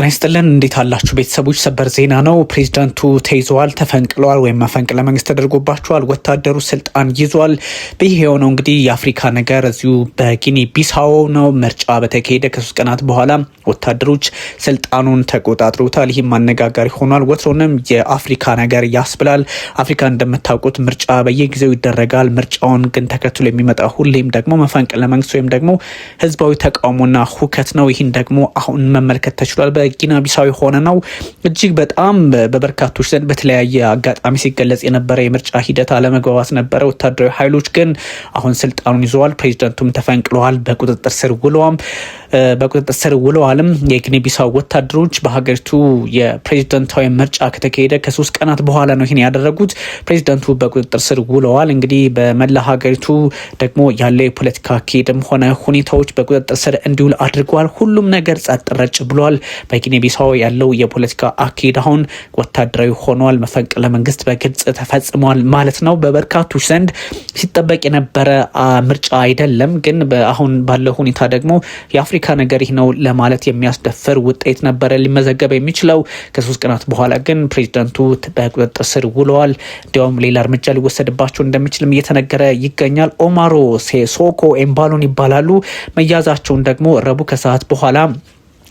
ጤና ይስጥልን እንዴት አላችሁ ቤተሰቦች? ሰበር ዜና ነው። ፕሬዚዳንቱ ተይዘዋል፣ ተፈንቅለዋል፣ ወይም መፈንቅለ መንግስት ተደርጎባቸዋል። ወታደሩ ስልጣን ይዟል። ይህ የሆነው እንግዲህ የአፍሪካ ነገር እዚሁ በጊኒ ቢሳዎ ነው። ምርጫ በተካሄደ ከሶስት ቀናት በኋላ ወታደሮች ስልጣኑን ተቆጣጥሮታል። ይህም አነጋጋሪ ሆኗል። ወትሮንም የአፍሪካ ነገር ያስብላል። አፍሪካ እንደምታውቁት ምርጫ በየጊዜው ይደረጋል። ምርጫውን ግን ተከትሎ የሚመጣ ሁሌም ደግሞ መፈንቅለ መንግስት ወይም ደግሞ ህዝባዊ ተቃውሞና ሁከት ነው። ይህን ደግሞ አሁን መመልከት ተችሏል። ቂም ቢሳዊ ሆነ ነው እጅግ በጣም በበርካቶች ዘንድ በተለያየ አጋጣሚ ሲገለጽ የነበረ የምርጫ ሂደት አለመግባባት ነበረ። ወታደራዊ ኃይሎች ግን አሁን ስልጣኑን ይዘዋል። ፕሬዚደንቱም ተፈንቅለዋል፣ በቁጥጥር ስር ውለዋም በቁጥጥር ስር ውለዋልም የጊኒ ቢሳው ወታደሮች በሀገሪቱ የፕሬዚደንታዊ ምርጫ ከተካሄደ ከሶስት ቀናት በኋላ ነው ይህን ያደረጉት። ፕሬዚደንቱ በቁጥጥር ስር ውለዋል። እንግዲህ በመላ ሀገሪቱ ደግሞ ያለው የፖለቲካ አካሄድም ሆነ ሁኔታዎች በቁጥጥር ስር እንዲውል አድርገዋል። ሁሉም ነገር ጸጥ ረጭ ብሏል። ቢሳው ያለው የፖለቲካ አካሄድ አሁን ወታደራዊ ሆኗል። መፈንቅለ መንግስት በግልጽ ተፈጽሟል ማለት ነው። በበርካቶች ዘንድ ሲጠበቅ የነበረ ምርጫ አይደለም፣ ግን አሁን ባለው ሁኔታ ደግሞ የአፍሪካ ነገር ይህ ነው ለማለት የሚያስደፍር ውጤት ነበረ ሊመዘገብ የሚችለው። ከሶስት ቀናት በኋላ ግን ፕሬዚደንቱ በቁጥጥር ስር ውለዋል። እንዲያውም ሌላ እርምጃ ሊወሰድባቸው እንደሚችልም እየተነገረ ይገኛል። ኦማሮ ሴሶኮ ኤምባሎን ይባላሉ። መያዛቸውን ደግሞ ረቡዕ ከሰዓት በኋላ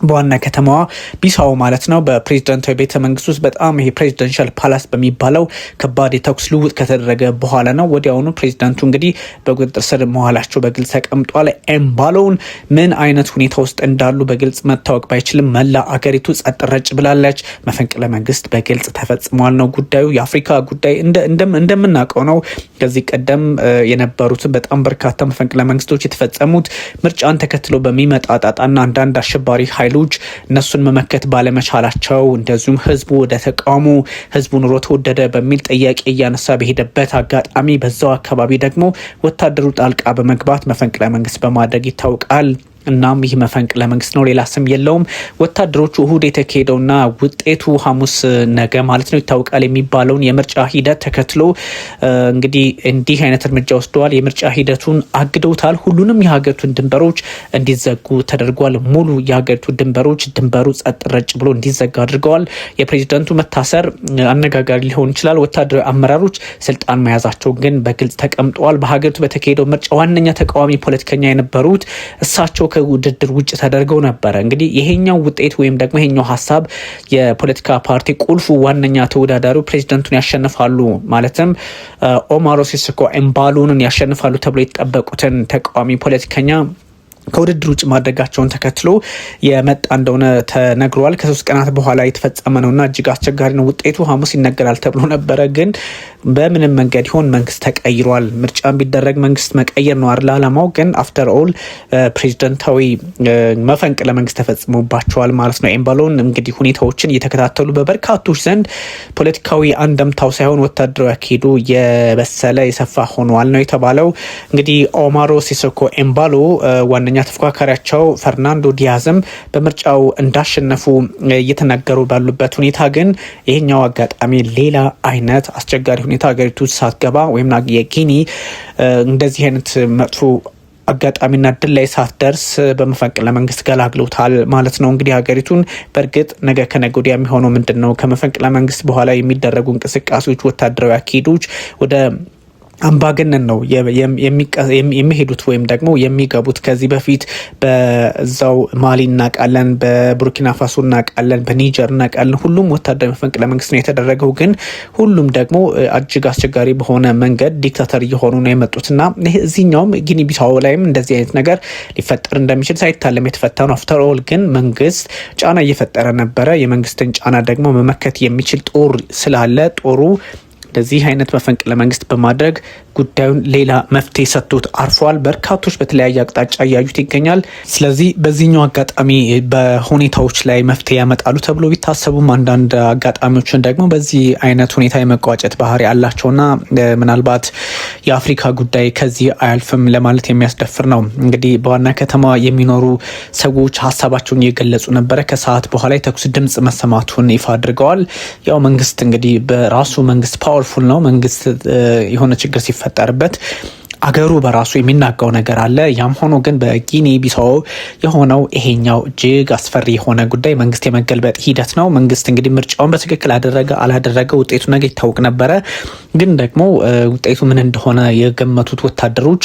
በዋና ከተማዋ ቢሳው ማለት ነው። በፕሬዚደንታዊ ቤተ መንግስት ውስጥ በጣም ይሄ ፕሬዚደንሻል ፓላስ በሚባለው ከባድ የተኩስ ልውውጥ ከተደረገ በኋላ ነው። ወዲያውኑ ፕሬዚደንቱ እንግዲህ በቁጥጥር ስር መዋላቸው በግልጽ ተቀምጧል። ኤምባሎውን ምን አይነት ሁኔታ ውስጥ እንዳሉ በግልጽ መታወቅ ባይችልም መላ አገሪቱ ጸጥ ረጭ ብላለች። መፈንቅለ መንግስት በግልጽ ተፈጽሟል ነው ጉዳዩ። የአፍሪካ ጉዳይ እንደምናውቀው ነው። ከዚህ ቀደም የነበሩትን በጣም በርካታ መፈንቅለ መንግስቶች የተፈጸሙት ምርጫን ተከትሎ በሚመጣ ጣጣና አንዳንድ አሸባሪ ሀይል ኃይሎች እነሱን መመከት ባለመቻላቸው እንደዚሁም ህዝቡ ወደ ተቃውሞ ህዝቡ ኑሮ ተወደደ በሚል ጥያቄ እያነሳ በሄደበት አጋጣሚ በዛው አካባቢ ደግሞ ወታደሩ ጣልቃ በመግባት መፈንቅለ መንግስት በማድረግ ይታወቃል። እናም ይህ መፈንቅለ መንግስት ነው፣ ሌላ ስም የለውም። ወታደሮቹ እሁድ የተካሄደውና ውጤቱ ሐሙስ ነገ ማለት ነው ይታወቃል የሚባለውን የምርጫ ሂደት ተከትሎ እንግዲህ እንዲህ አይነት እርምጃ ወስደዋል። የምርጫ ሂደቱን አግደውታል። ሁሉንም የሀገሪቱን ድንበሮች እንዲዘጉ ተደርጓል። ሙሉ የሀገሪቱ ድንበሮች ድንበሩ ጸጥ ረጭ ብሎ እንዲዘጋ አድርገዋል። የፕሬዚደንቱ መታሰር አነጋጋሪ ሊሆን ይችላል። ወታደራዊ አመራሮች ስልጣን መያዛቸው ግን በግልጽ ተቀምጠዋል። በሀገሪቱ በተካሄደው ምርጫ ዋነኛ ተቃዋሚ ፖለቲከኛ የነበሩት እሳቸው ከውድድር ውጭ ተደርገው ነበረ። እንግዲህ ይሄኛው ውጤት ወይም ደግሞ ይሄኛው ሀሳብ የፖለቲካ ፓርቲ ቁልፉ ዋነኛ ተወዳዳሪው ፕሬዚደንቱን ያሸንፋሉ ማለትም ኦማሮ ሲስኮ ኤምባሉንን ያሸንፋሉ ተብሎ የተጠበቁትን ተቃዋሚ ፖለቲከኛ ከውድድር ውጭ ማድረጋቸውን ተከትሎ የመጣ እንደሆነ ተነግሯል። ከሶስት ቀናት በኋላ የተፈጸመ ነውና እጅግ አስቸጋሪ ነው። ውጤቱ ሐሙስ ይነገራል ተብሎ ነበረ፣ ግን በምንም መንገድ ይሆን መንግስት ተቀይሯል። ምርጫ ቢደረግ መንግስት መቀየር ነው አይደል አላማው። ግን አፍተር ኦል ፕሬዚደንታዊ መፈንቅለ መንግስት ተፈጽሞባቸዋል ማለት ነው። ኤምባሎን እንግዲህ ሁኔታዎችን እየተከታተሉ በበርካቶች ዘንድ ፖለቲካዊ አንደምታው ሳይሆን ወታደራዊ አካሄዱ የበሰለ የሰፋ ሆኗል ነው የተባለው። እንግዲህ ኦማሮ ሲሶኮ ኤምባሎ ዋነኛ ዋነኛ ተፎካካሪያቸው ፈርናንዶ ዲያዝም በምርጫው እንዳሸነፉ እየተነገሩ ባሉበት ሁኔታ ግን ይሄኛው አጋጣሚ ሌላ አይነት አስቸጋሪ ሁኔታ ሀገሪቱ ሳትገባ ወይም የጊኒ እንደዚህ አይነት መጥፎ አጋጣሚና ድል ላይ ሳትደርስ በመፈንቅለ መንግስት ገላግሎታል ማለት ነው። እንግዲህ ሀገሪቱን በእርግጥ ነገ ከነገ ወዲያ የሚሆነው ምንድን ነው? ከመፈንቅለ መንግስት በኋላ የሚደረጉ እንቅስቃሴዎች፣ ወታደራዊ አካሄዶች ወደ አምባገነን ነው የሚሄዱት ወይም ደግሞ የሚገቡት። ከዚህ በፊት በዛው ማሊ እናውቃለን፣ በቡርኪና ፋሶ እናውቃለን፣ በኒጀር እናቃለን። ሁሉም ወታደራዊ መፈንቅለ መንግስት ነው የተደረገው። ግን ሁሉም ደግሞ እጅግ አስቸጋሪ በሆነ መንገድ ዲክታተር እየሆኑ ነው የመጡትና እዚህኛውም ጊኒ ቢሳው ላይም እንደዚህ አይነት ነገር ሊፈጠር እንደሚችል ሳይታለም የተፈታ ነው። አፍተር ኦል ግን መንግስት ጫና እየፈጠረ ነበረ። የመንግስትን ጫና ደግሞ መመከት የሚችል ጦር ስላለ ጦሩ እንደዚህ አይነት መፈንቅለ መንግስት በማድረግ ጉዳዩን ሌላ መፍትሄ ሰጥቶት አርፏል። በርካቶች በተለያየ አቅጣጫ እያዩት ይገኛል። ስለዚህ በዚህኛው አጋጣሚ በሁኔታዎች ላይ መፍትሄ ያመጣሉ ተብሎ ቢታሰቡም አንዳንድ አጋጣሚዎችን ደግሞ በዚህ አይነት ሁኔታ የመቋጨት ባህሪ አላቸውና ምናልባት የአፍሪካ ጉዳይ ከዚህ አያልፍም ለማለት የሚያስደፍር ነው። እንግዲህ በዋና ከተማ የሚኖሩ ሰዎች ሀሳባቸውን እየገለጹ ነበረ። ከሰዓት በኋላ የተኩስ ድምጽ መሰማቱን ይፋ አድርገዋል። ያው መንግስት እንግዲህ በራሱ መንግስት ፓወርፉል ነው። መንግስት የሆነ ችግር ሲፈ የሚፈጠርበት አገሩ በራሱ የሚናገው ነገር አለ። ያም ሆኖ ግን በጊኒ ቢሳው የሆነው ይሄኛው እጅግ አስፈሪ የሆነ ጉዳይ መንግስት የመገልበጥ ሂደት ነው። መንግስት እንግዲህ ምርጫውን በትክክል አደረገ አላደረገ ውጤቱ ነገ ይታወቅ ነበረ። ግን ደግሞ ውጤቱ ምን እንደሆነ የገመቱት ወታደሮች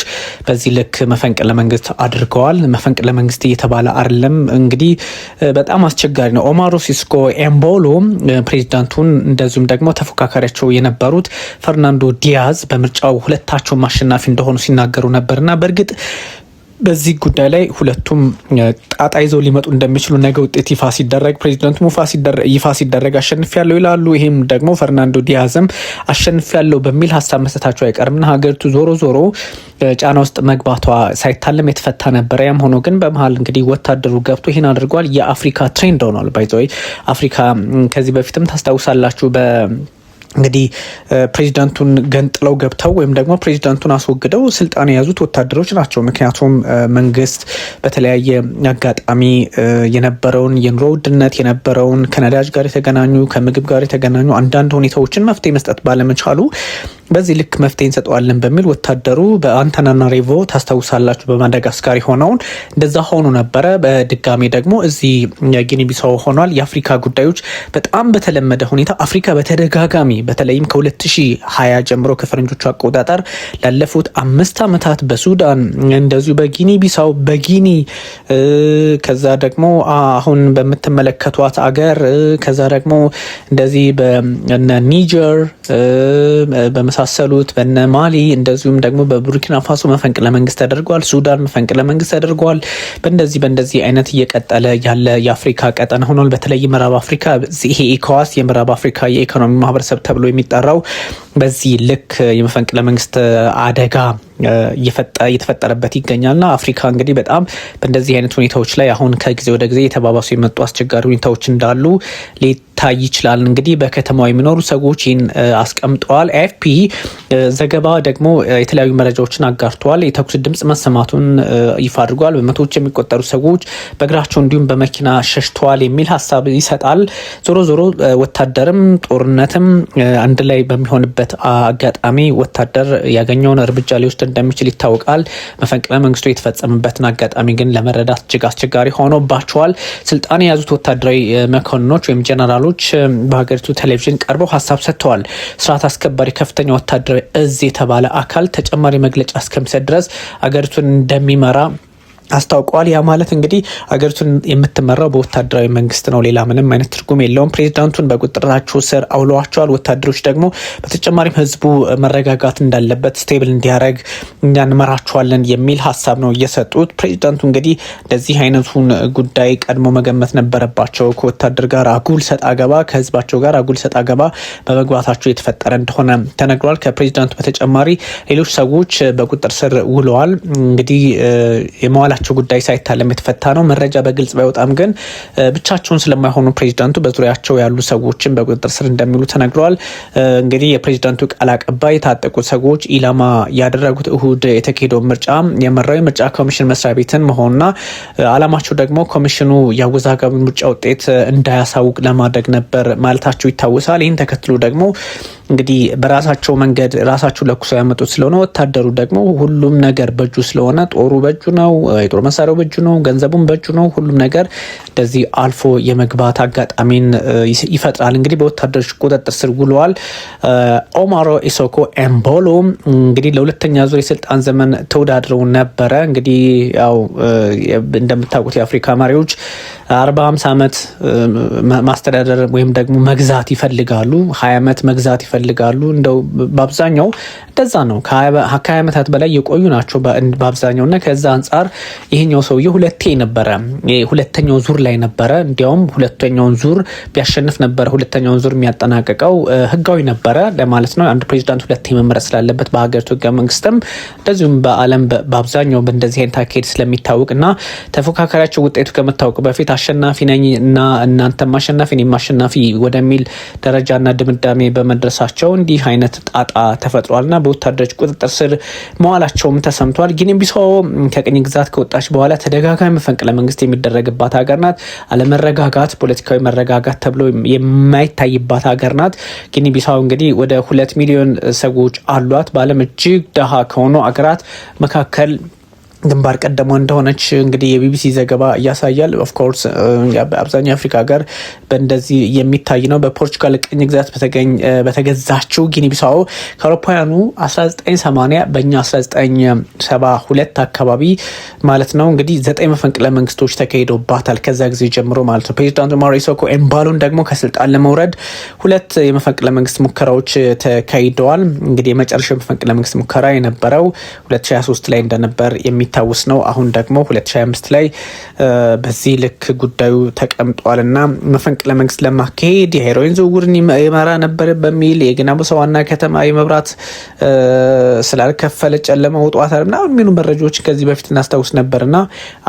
በዚህ ልክ መፈንቅለ መንግስት አድርገዋል። መፈንቅለ መንግስት እየተባለ አይደለም እንግዲህ በጣም አስቸጋሪ ነው። ኦማሮ ሲስኮ ኤምቦሎ ፕሬዚዳንቱን እንደዚሁም ደግሞ ተፎካካሪያቸው የነበሩት ፈርናንዶ ዲያዝ በምርጫው ሁለታቸውም አሸናፊ እንደሆኑ ሲናገሩ ነበር በእርግጥ በዚህ ጉዳይ ላይ ሁለቱም ጣጣ ይዘው ሊመጡ እንደሚችሉ ነገ ውጤት ይፋ ሲደረግ ፕሬዚደንቱም ይፋ ሲደረግ አሸንፍ ያለው ይላሉ። ይህም ደግሞ ፈርናንዶ ዲያዝም አሸንፍ ያለው በሚል ሀሳብ መስጠታቸው አይቀርምና ሀገሪቱ ዞሮ ዞሮ ጫና ውስጥ መግባቷ ሳይታለም የተፈታ ነበረ። ያም ሆኖ ግን በመሀል እንግዲህ ወታደሩ ገብቶ ይህን አድርጓል። የአፍሪካ ትሬንድ ሆኗል። ባይዘ አፍሪካ ከዚህ በፊትም ታስታውሳላችሁ በ እንግዲህ ፕሬዚዳንቱን ገንጥለው ገብተው ወይም ደግሞ ፕሬዚዳንቱን አስወግደው ስልጣን የያዙት ወታደሮች ናቸው። ምክንያቱም መንግስት በተለያየ አጋጣሚ የነበረውን የኑሮ ውድነት የነበረውን ከነዳጅ ጋር የተገናኙ ከምግብ ጋር የተገናኙ አንዳንድ ሁኔታዎችን መፍትሄ መስጠት ባለመቻሉ በዚህ ልክ መፍትሄ እንሰጠዋለን በሚል ወታደሩ በአንታናናሪቮ ታስታውሳላችሁ፣ በማዳጋስካር የሆነውን እንደዛ ሆኑ ነበረ። በድጋሜ ደግሞ እዚህ ጊኒቢሳው ሆኗል። የአፍሪካ ጉዳዮች በጣም በተለመደ ሁኔታ አፍሪካ በተደጋጋሚ በተለይም ከ2020 ጀምሮ ከፈረንጆቹ አቆጣጠር ላለፉት አምስት ዓመታት በሱዳን እንደዚሁ በጊኒ ቢሳው በጊኒ ከዛ ደግሞ አሁን በምትመለከቷት አገር ከዛ ደግሞ እንደዚህ በኒጀር በመሳሰሉት በነ ማሊ እንደዚሁም ደግሞ በቡርኪና ፋሶ መፈንቅለ መንግስት ተደርጓል። ሱዳን መፈንቅለ መንግስት ተደርጓል። በእንደዚህ በእንደዚህ አይነት እየቀጠለ ያለ የአፍሪካ ቀጠና ሆኗል። በተለይ ምዕራብ አፍሪካ ይሄ ኢኮዋስ የምዕራብ አፍሪካ የኢኮኖሚ ማህበረሰብ ተብሎ የሚጠራው በዚህ ልክ የመፈንቅለ መንግስት አደጋ እየተፈጠረበት ይገኛልና አፍሪካ እንግዲህ በጣም በእንደዚህ አይነት ሁኔታዎች ላይ አሁን ከጊዜ ወደ ጊዜ የተባባሱ የመጡ አስቸጋሪ ሁኔታዎች እንዳሉ ሊታይ ይችላል። እንግዲህ በከተማው የሚኖሩ ሰዎች ይህን አስቀምጠዋል። ኤፍፒ ዘገባ ደግሞ የተለያዩ መረጃዎችን አጋርተዋል። የተኩስ ድምጽ መሰማቱን ይፋ አድርጓል። በመቶዎች የሚቆጠሩ ሰዎች በእግራቸው እንዲሁም በመኪና ሸሽተዋል የሚል ሀሳብ ይሰጣል። ዞሮ ዞሮ ወታደርም ጦርነትም አንድ ላይ በሚሆንበት አጋጣሚ ወታደር ያገኘውን እርምጃ ሊወስድ እንደሚችል ይታወቃል። መፈንቅለ መንግስቱ የተፈጸመበትን አጋጣሚ ግን ለመረዳት እጅግ አስቸጋሪ ሆኖባቸዋል። ስልጣን የያዙት ወታደራዊ መኮንኖች ወይም ጀነራሎች በሀገሪቱ ቴሌቪዥን ቀርበው ሀሳብ ሰጥተዋል። ስርዓት አስከባሪ ከፍተኛ ወታደራዊ እዝ የተባለ አካል ተጨማሪ መግለጫ እስከሚሰጥ ድረስ አገሪቱን እንደሚመራ አስታውቀዋል። ያ ማለት እንግዲህ አገሪቱን የምትመራው በወታደራዊ መንግስት ነው። ሌላ ምንም አይነት ትርጉም የለውም። ፕሬዚዳንቱን በቁጥጥራቸው ስር አውለዋቸዋል። ወታደሮች ደግሞ በተጨማሪም ህዝቡ መረጋጋት እንዳለበት ስቴብል እንዲያደርግ እኛ እንመራቸዋለን የሚል ሀሳብ ነው እየሰጡት። ፕሬዚዳንቱ እንግዲህ እንደዚህ አይነቱን ጉዳይ ቀድሞ መገመት ነበረባቸው። ከወታደር ጋር አጉል ሰጥ አገባ፣ ከህዝባቸው ጋር አጉል ሰጥ አገባ በመግባታቸው የተፈጠረ እንደሆነ ተነግሯል። ከፕሬዚዳንቱ በተጨማሪ ሌሎች ሰዎች በቁጥር ስር ውለዋል። እንግዲህ የመዋል የሀገራቸው ጉዳይ ሳይታለም የተፈታ ነው። መረጃ በግልጽ ባይወጣም ግን ብቻቸውን ስለማይሆኑ ፕሬዚዳንቱ በዙሪያቸው ያሉ ሰዎችን በቁጥጥር ስር እንደሚሉ ተነግረዋል። እንግዲህ የፕሬዚዳንቱ ቃል አቀባይ የታጠቁ ሰዎች ኢላማ ያደረጉት እሁድ የተካሄደው ምርጫ የመራው የምርጫ ኮሚሽን መስሪያ ቤትን መሆኑና አላማቸው ደግሞ ኮሚሽኑ የአወዛጋቢ ምርጫ ውጤት እንዳያሳውቅ ለማድረግ ነበር ማለታቸው ይታወሳል። ይህን ተከትሎ ደግሞ እንግዲህ በራሳቸው መንገድ ራሳቸው ለኩሰው ያመጡት ስለሆነ ወታደሩ ደግሞ ሁሉም ነገር በእጁ ስለሆነ ጦሩ በእጁ ነው፣ የጦር መሳሪያው በእጁ ነው፣ ገንዘቡም በእጁ ነው። ሁሉም ነገር እንደዚህ አልፎ የመግባት አጋጣሚን ይፈጥራል። እንግዲህ በወታደሮች ቁጥጥር ስር ውለዋል። ኦማሮ ኢሶኮ ኤምቦሎ እንግዲህ ለሁለተኛ ዙር የስልጣን ዘመን ተወዳድረው ነበረ። እንግዲህ ያው እንደምታውቁት የአፍሪካ መሪዎች አርባ አምስት ዓመት ማስተዳደር ወይም ደግሞ መግዛት ይፈልጋሉ። ሀያ ዓመት መግዛት ያስፈልጋሉ። እንደው በአብዛኛው እንደዛ ነው። ከሀያ ዓመታት በላይ የቆዩ ናቸው በአብዛኛው እና ከዛ አንጻር ይሄኛው ሰውዬ ሁለቴ ነበረ ሁለተኛው ዙር ላይ ነበረ። እንዲያውም ሁለተኛውን ዙር ቢያሸንፍ ነበረ ሁለተኛውን ዙር የሚያጠናቀቀው ህጋዊ ነበረ ለማለት ነው። አንድ ፕሬዚዳንት ሁለቴ መምረጥ ስላለበት በሀገሪቱ ህገ መንግስትም እንደዚሁም በዓለም በአብዛኛው በእንደዚህ አይነት አካሄድ ስለሚታወቅ እና ተፎካካሪያቸው ውጤቱ ከመታወቁ በፊት አሸናፊ ነኝ እና እናንተም አሸናፊ እኔም አሸናፊ ወደሚል ደረጃና ድምዳሜ በመድረስ በራሳቸው እንዲህ አይነት ጣጣ ተፈጥሯልና በወታደሮች ቁጥጥር ስር መዋላቸውም ተሰምቷል። ጊኒ ቢሳው ከቅኝ ግዛት ከወጣች በኋላ ተደጋጋሚ መፈንቅለ መንግስት የሚደረግባት ሀገር ናት። አለመረጋጋት፣ ፖለቲካዊ መረጋጋት ተብሎ የማይታይባት ሀገር ናት። ጊኒ ቢሳው እንግዲህ ወደ ሁለት ሚሊዮን ሰዎች አሏት። በዓለም እጅግ ደሃ ከሆኑ አገራት መካከል ግንባር ቀደሞ እንደሆነች እንግዲህ የቢቢሲ ዘገባ ያሳያል። ኦፍኮርስ uh, በአብዛኛው የአፍሪካ ሀገር በእንደዚህ የሚታይ ነው። በፖርቹጋል ቅኝ ግዛት uh, በተገዛችው ጊኒቢሳው ከአውሮፓውያኑ 1980 በእኛ 1972 አካባቢ ማለት ነው እንግዲህ ዘጠኝ መፈንቅለ መንግስቶች ተካሂደውባታል ከዛ ጊዜ ጀምሮ ማለት ነው። ፕሬዚዳንቱ ማሪሶኮ ኤምባሎን ደግሞ ከስልጣን ለመውረድ ሁለት የመፈንቅለ መንግስት ሙከራዎች ተካሂደዋል። እንግዲህ የመጨረሻው የመፈንቅለ መንግስት ሙከራ የነበረው 2023 ላይ እንደነበር የሚ የሚታወስ ነው። አሁን ደግሞ 2025 ላይ በዚህ ልክ ጉዳዩ ተቀምጧል እና መፈንቅለ መንግስት ለማካሄድ የሄሮይን ዝውውርን ይመራ ነበር በሚል የግናሙሳ ዋና ከተማ የመብራት ስላልከፈለ ጨለማ ውጧታል ምናምን የሚሉ መረጃዎች ከዚህ በፊት እናስታውስ ነበርና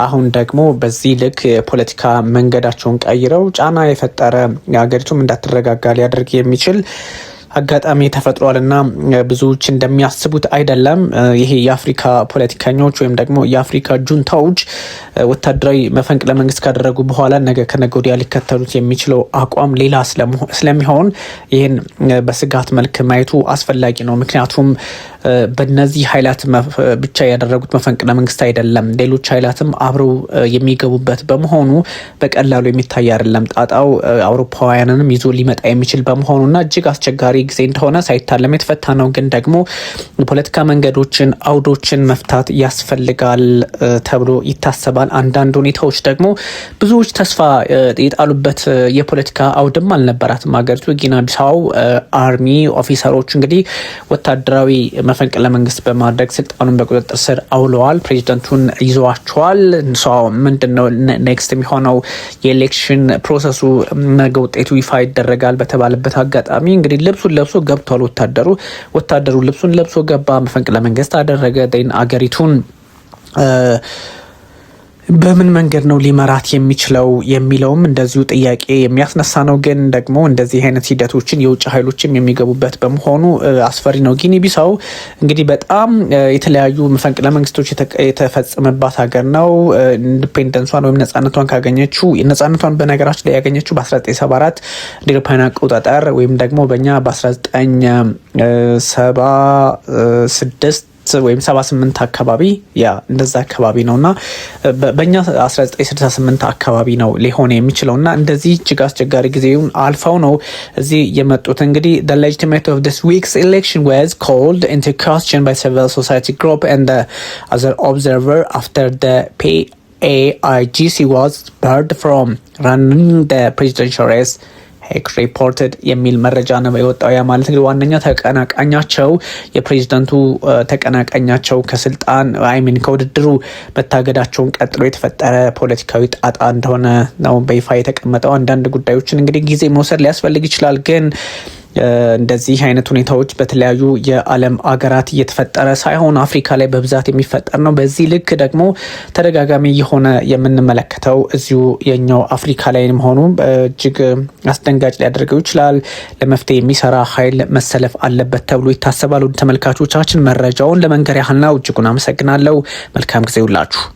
አሁን ደግሞ በዚህ ልክ የፖለቲካ መንገዳቸውን ቀይረው ጫና የፈጠረ ሀገሪቱም እንዳትረጋጋ ሊያደርግ የሚችል አጋጣሚ ተፈጥሯልና ብዙዎች እንደሚያስቡት አይደለም። ይሄ የአፍሪካ ፖለቲከኞች ወይም ደግሞ የአፍሪካ ጁንታዎች ወታደራዊ መፈንቅለ መንግስት ካደረጉ በኋላ ነገ ከነገ ወዲያ ሊከተሉት የሚችለው አቋም ሌላ ስለሚሆን ይህን በስጋት መልክ ማየቱ አስፈላጊ ነው። ምክንያቱም በነዚህ ኃይላት ብቻ ያደረጉት መፈንቅለ መንግስት አይደለም። ሌሎች ኃይላትም አብረው የሚገቡበት በመሆኑ በቀላሉ የሚታይ አይደለም። ጣጣው አውሮፓውያንንም ይዞ ሊመጣ የሚችል በመሆኑና እጅግ አስቸጋሪ ጊዜ እንደሆነ ሳይታለም የተፈታ ነው። ግን ደግሞ የፖለቲካ መንገዶችን፣ አውዶችን መፍታት ያስፈልጋል ተብሎ ይታሰባል። አንዳንድ ሁኔታዎች ደግሞ ብዙዎች ተስፋ የጣሉበት የፖለቲካ አውድም አልነበራትም ሀገሪቱ ጊኒቢሳው አርሚ ኦፊሰሮች እንግዲህ ወታደራዊ መፈንቅለ መንግስት በማድረግ ስልጣኑን በቁጥጥር ስር አውለዋል። ፕሬዚደንቱን ይዘዋቸዋል። ምንድን ነው ኔክስት የሚሆነው? የኤሌክሽን ፕሮሰሱ ነገ ውጤቱ ይፋ ይደረጋል በተባለበት አጋጣሚ እንግዲህ ልብሱን ለብሶ ገብቷል። ወታደሩ ወታደሩ ልብሱን ለብሶ ገባ፣ መፈንቅለ መንግስት አደረገ። አገሪቱን በምን መንገድ ነው ሊመራት የሚችለው የሚለውም እንደዚሁ ጥያቄ የሚያስነሳ ነው። ግን ደግሞ እንደዚህ አይነት ሂደቶችን የውጭ ኃይሎችም የሚገቡበት በመሆኑ አስፈሪ ነው። ጊኒ ቢሳው እንግዲህ በጣም የተለያዩ መፈንቅለ መንግስቶች የተፈጸመባት ሀገር ነው። ኢንዲፔንደንሷን ወይም ነጻነቷን ካገኘችው ነጻነቷን በነገራችን ላይ ያገኘችው በ1974 እንደ አቆጣጠር ወይም ደግሞ በእኛ በ1976 ወይም 78 አካባቢ ያ እንደዛ አካባቢ ነው እና በእኛ 1968 አካባቢ ነው ሊሆን የሚችለው እና እንደዚህ እጅግ አስቸጋሪ ጊዜውን አልፈው ነው እዚህ የመጡት። እንግዲህ the legitimate of this week's election was called into question by civil society group and the other observer after the PAIGC was barred from running the presidential race ሄክ ሪፖርትድ የሚል መረጃ ነው የወጣው። ያ ማለት እንግዲህ ዋነኛ ተቀናቃኛቸው የፕሬዚደንቱ ተቀናቃኛቸው ከስልጣን አይሚን ከውድድሩ መታገዳቸውን ቀጥሎ የተፈጠረ ፖለቲካዊ ጣጣ እንደሆነ ነው በይፋ የተቀመጠው። አንዳንድ ጉዳዮችን እንግዲህ ጊዜ መውሰድ ሊያስፈልግ ይችላል ግን እንደዚህ አይነት ሁኔታዎች በተለያዩ የዓለም አገራት እየተፈጠረ ሳይሆን አፍሪካ ላይ በብዛት የሚፈጠር ነው። በዚህ ልክ ደግሞ ተደጋጋሚ የሆነ የምንመለከተው እዚሁ የኛው አፍሪካ ላይ መሆኑ እጅግ አስደንጋጭ ሊያደርገው ይችላል። ለመፍትሄ የሚሰራ ኃይል መሰለፍ አለበት ተብሎ ይታሰባል። ተመልካቾቻችን መረጃውን ለመንገር ያህል ነው። እጅጉን አመሰግናለሁ። መልካም ጊዜ ውላችሁ